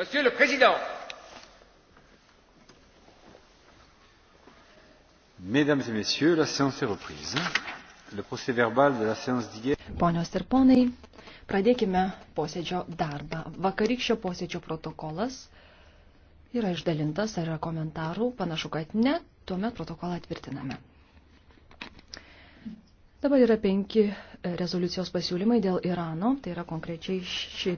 Monsieur le Président, Mesdames et Messieurs, la séance est reprise. Le procès verbal de la séance d'hier. Ponios ir ponai, pradėkime posėdžio darbą. Vakarykščio posėdžio protokolas yra išdalintas, ar yra komentarų, panašu, kad ne, tuomet protokolą tvirtiname. Dabar yra penki rezoliucijos pasiūlymai dėl Irano, tai yra konkrečiai ši